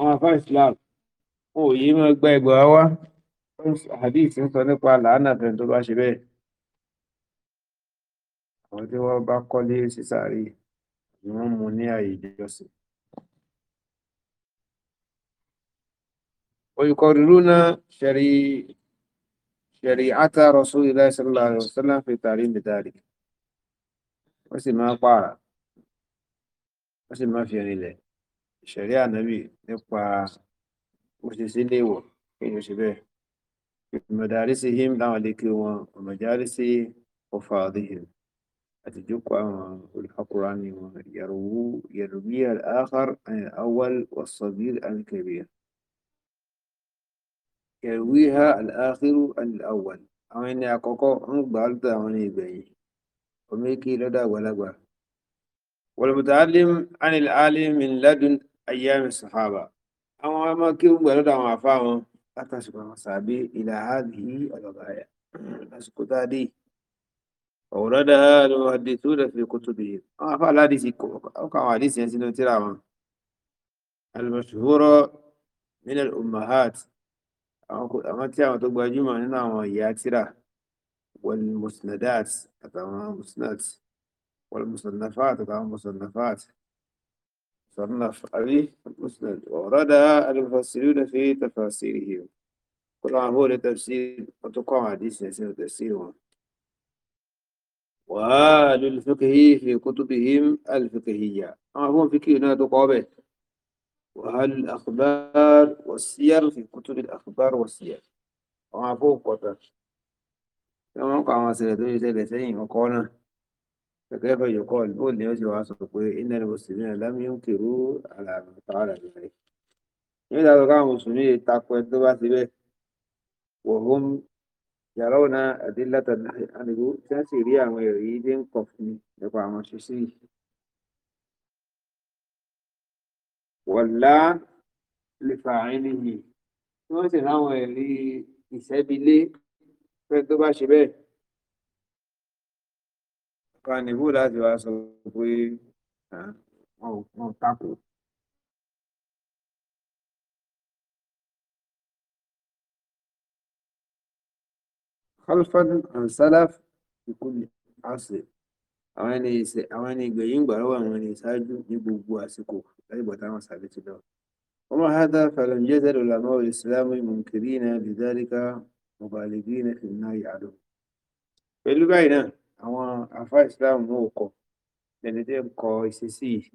àwọn àfáà islam wọn ò yéé máa gba ẹgbàá wá hadith ń sọ nípa làánà fẹ́ tó bá ṣe bẹ́ẹ̀ àwọn tí wọ́n bá kọ́lé sísàárì ni wọ́n mú ní àyè ìjọsìn. ويقررون شري... شريعة رسول الله صلى الله عليه وسلم في تعليم ذلك وسمى قارا وسمى في عن الله ìṣẹ̀ríà ànábì nípa bó ṣe sí léèwọ̀ kéèyàn ṣe bẹ́ẹ̀ ìmọ̀dárí sí him láwọn lékè wọn ọ̀mọ̀járí sí ọfà ọ̀dẹ́hìn àti ìjókòó àwọn olùfakùrá ni wọn yàrùwú yàrùbí àkàr awal wasabir alkabir yàrùwíha aláàkírù aláwal àwọn ẹni àkọ́kọ́ ń gbà lọ́dọ̀ àwọn ẹni ìgbẹ̀yìn ọmọ èké lọ́dọ̀ àgbàlagbà wọlùmùtàálìm ánìláàlìm ńládùn ayyami sahaba àwọn ọmọ kí ó gbẹ lọ́dọ̀ àwọn àfa wọn látàsìkò àwọn sàbí ila hadhihi al-ghaya lásìkò tá a dé ọ̀rọ̀dá al-muhaddithuna fi kutubihim àwọn àfa aládì sí ọkọ̀ àwọn àdìsí yẹn sínú tíra wọn al-mashhura min al-ummahat àwọn tí àwọn tó gbajúmọ̀ nínú àwọn ìyá tíra wal-musnadat àtàwọn musnad wal-musannafat àtàwọn musannafat صنف أبي المسند وأوردها المفسرون في تفاسيره كل عام هو لتفسير وتقع حديث يسير تفسيرها وآل الفقه في كتبهم الفقهية أما هو فقه هنا تقع به وهل الأخبار والسير في كتب الأخبار والسير أما هو قطر كما قام سيدنا سيدنا سيدنا وقالنا gẹ́gẹ́ bẹ́ẹ̀ yòókọ́ ó ní ó sì wá sọ pé iná ni mùsùlùmí náà lámì ń kìrú àlàmì tààrà rẹ̀. nígbà tó káwọn mùsùlùmí yìí takọ ẹni tó bá ti bẹ́ẹ̀ wọ̀hún yàrá ònà àdínlátà àdìgbò tí wọ́n sì rí àwọn èrè yìí dé ń kọ̀ fún mi nípa àwọn ṣíṣí yìí. wọ̀lá lè fà àárín tí wọ́n sì ráwọn ẹ̀rí ìṣẹ́bilé fẹ́ẹ́ tó bá ṣe bẹ́ẹ̀ wá níbú láti wá sọ pé wọn ò tako. khalfan an salaf ìkúlẹ̀ àṣẹ àwọn ẹni ìṣe àwọn ẹni ìgbẹ̀yìn gbà lọ́wọ́ àwọn ẹni ìṣáájú ní gbogbo àsìkò láti bọ̀ táwọn sàbẹ̀ ti lọ. ومع هذا فلم يزل العلماء الإسلام منكرين لذلك مبالغين في النهي عنه. pẹ̀lú báyìí náà àwọn àáfàá islam náà kọ lẹni tẹ́ ń kọ ìṣesí yìí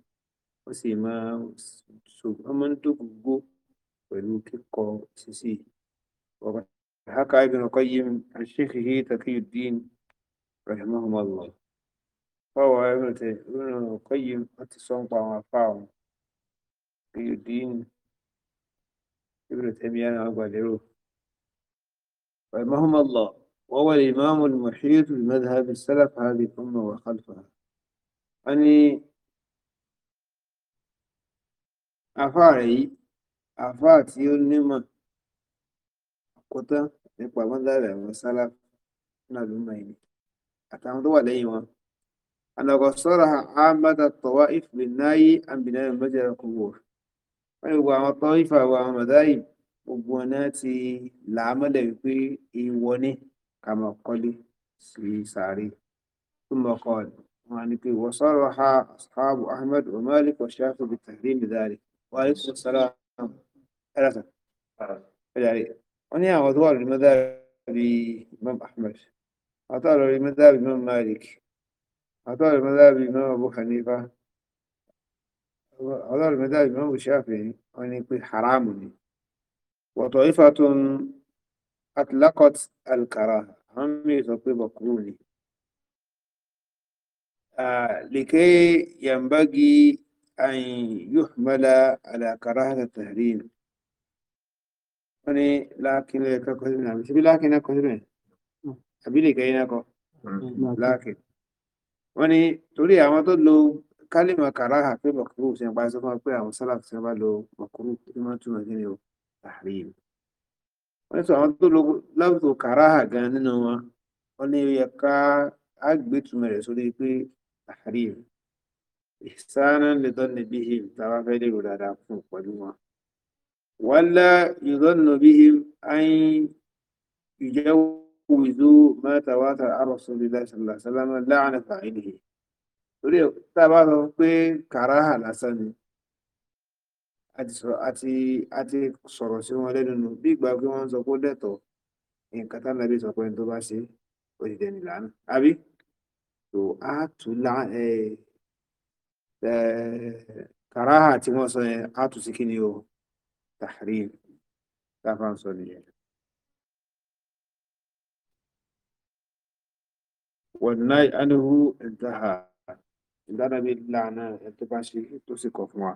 ó sì máa ń dógógó pẹ̀lú kíkọ ìṣesí yìí وقد حكى ابن القيم عن شيخه تقي الدين رحمهما الله فهو ابن القيم أتي صنطا وفاهم تقي الدين ابن تيمية أبو رحمهما الله وهو الإمام المحيط بمذهب السلف هذه الأمة وخلفها أني أفاري أفاتي النمى kọtán nípa mọ́dàrí àwọn sálàf náà ló máa ní àtàwọn tó wà lẹ́yìn wọn. ànàkọ sọ́ra àmàdà tọ́wá ìfìlẹ̀ náyé àbìnáyà mẹ́jẹ̀rẹ̀ kò wọ̀. wọ́n ní gbogbo àwọn tọ́ ìfà àwọn mọ̀dáyì gbogbo wọn náà ti làámọ́lẹ̀ wípé èèwọ̀ ni. كما قال في سعري ثم قال يعني وصرح أصحاب أحمد ومالك والشافعي بتحريم ذلك وعليكم السلام ثلاثة يعني ونيا وضوار المذاهب الإمام أحمد أطار المذاهب الإمام مالك أطار المذاهب الإمام أبو حنيفة أطار المذاهب الإمام الشافعي يعني حرام وطائفة atlaqat alkaraha àwọn míì sọ pé mọ̀kúrú ni lèkè yàmbági àyìn yuhmala ala karahata tahrim wọ́n ní láàkínlẹ̀ ẹ̀kọ́ kọsí náà àbíṣe bí láàkínlẹ̀ kọsí náà àbí lèkè yín náà kọ láàkín wọ́n ní torí àwọn tó lo kálímà kàráhà pé mọ̀kúrú ṣe ń pa sọ fún wa pé àwọn sálàfù ṣe ń bá lo mọ̀kúrú tí wọ́n túmọ̀ sí ni o tahrim wọ́n sọ àwọn tó lo láwùjọ kàráhà gan nínú wọn wọ́n ní yẹ ká àgbétumọ̀ rẹ̀ sórí pé àárí ìsáná lè tọ́ níbi him táwa fẹ́ lè rò dáadáa fún pẹ̀lú wọn. wàhálà ìrọ́nà bí him àyìn ìjẹ́wọ́ wùdú mẹ́ta wá ta àròsọ̀rọ̀ ìlàsàlá sálámà láàánú fàáìlì. torí ẹ̀ tá sọ pé kàráhà lásán ni àti sọ̀rọ̀ àti àti sọ̀rọ̀ sí wọn lẹ́nu nù bí ìgbà pé wọ́n ń sọ pé ó dẹ̀tọ̀ nǹkan tá nàbí sọ pé ẹni tó bá ṣe ó ti dẹni lànà àbí tó a tù lá ẹ ẹ kàráhà tí wọ́n sọ yẹn a tù sí kí ni o tahrim táfà ń sọ nìyẹn. wọ̀nà ànihu ẹ̀dáhà ìdánabí lànà ẹ̀ tó bá ṣe tó sì kọ̀ fún wa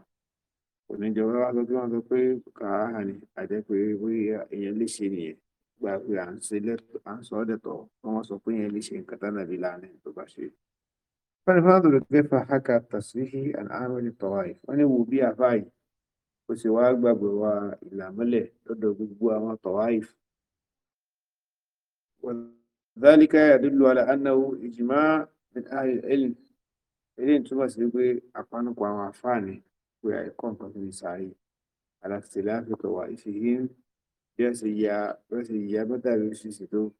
kò ní jọ wá lọ́dún wọn sọ pé kàá ni àjẹ́ pé bóyá èèyàn lè ṣe nìyẹn gba pé à ń ṣe lẹ́tọ̀ à ń sọ ọ́ dẹ̀tọ̀ wọ́n wọ́n sọ pé èèyàn lè ṣe nǹkan tánà bí láàrin tó bá ṣe. fẹ́rẹ̀fẹ́rẹ́ tó lè gbé fa haka tasirihi and amini tọ́wáì wọ́n ní wo bí afáì kò sì wá gbàgbé wa ìlàmọ́lẹ̀ lọ́dọ̀ gbogbo àwọn tọ́wáì. ذلك يدل على أنه إجماع من أهل العلم إلين túmọ̀ sí pé àpánupọ̀ àwọn àfáà ويكون كثير سعيد على اختلاف طوائفهم جاسيابة بالشيشتو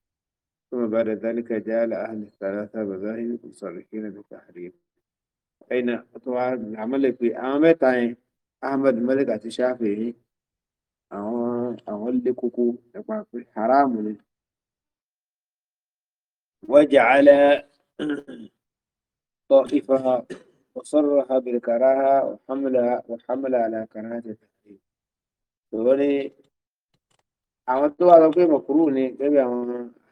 ثم بعد ذلك جاء أهل الثلاثة مذاهب مصرحين بالتحريم أين طبعا العمل في أحمد أحمد ملك أتشافي أقول لكوكو اللي كوكو حرام وجعل طائفة وصرح بالكراهة وحمل وحمل على كراهة التحريم فولي àwọn على wà lọ pé mọ̀kúrú ni gẹ́gẹ́ àwọn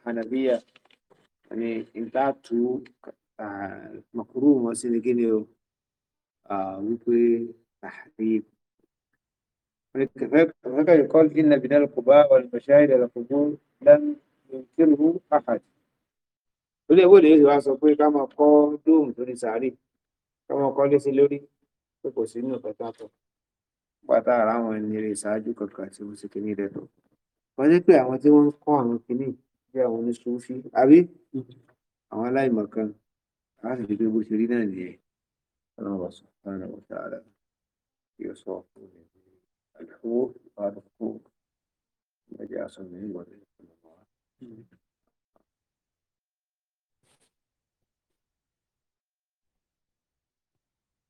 hanabiya ni nta tu mọ̀kúrú wọn sí ni إن بناء القباء والمشاهد على القبور لم ينكره أحد. وليه وليه إذا سوف يقام قدوم دون عليه wọn kọ́ lé sí lórí pé kò sínú ìkọta tó pátá ara àwọn ẹnìrè ìṣáájú kankan tí wọn ṣe kìíní rẹ tó wọn ní pé àwọn tí wọn ń kọ́ àwọn kìíní bí àwọn oníṣòwòfí àbí àwọn aláìmọ̀ kan láti fi gbé bó ṣe rí náà nìyẹn Ọlọ́run wa sọ Ọlọ́run wa sọ ara yóò sọ àlùfò àlùfò ìgbàjà sọ mí ìwọlé ìwọlé wa.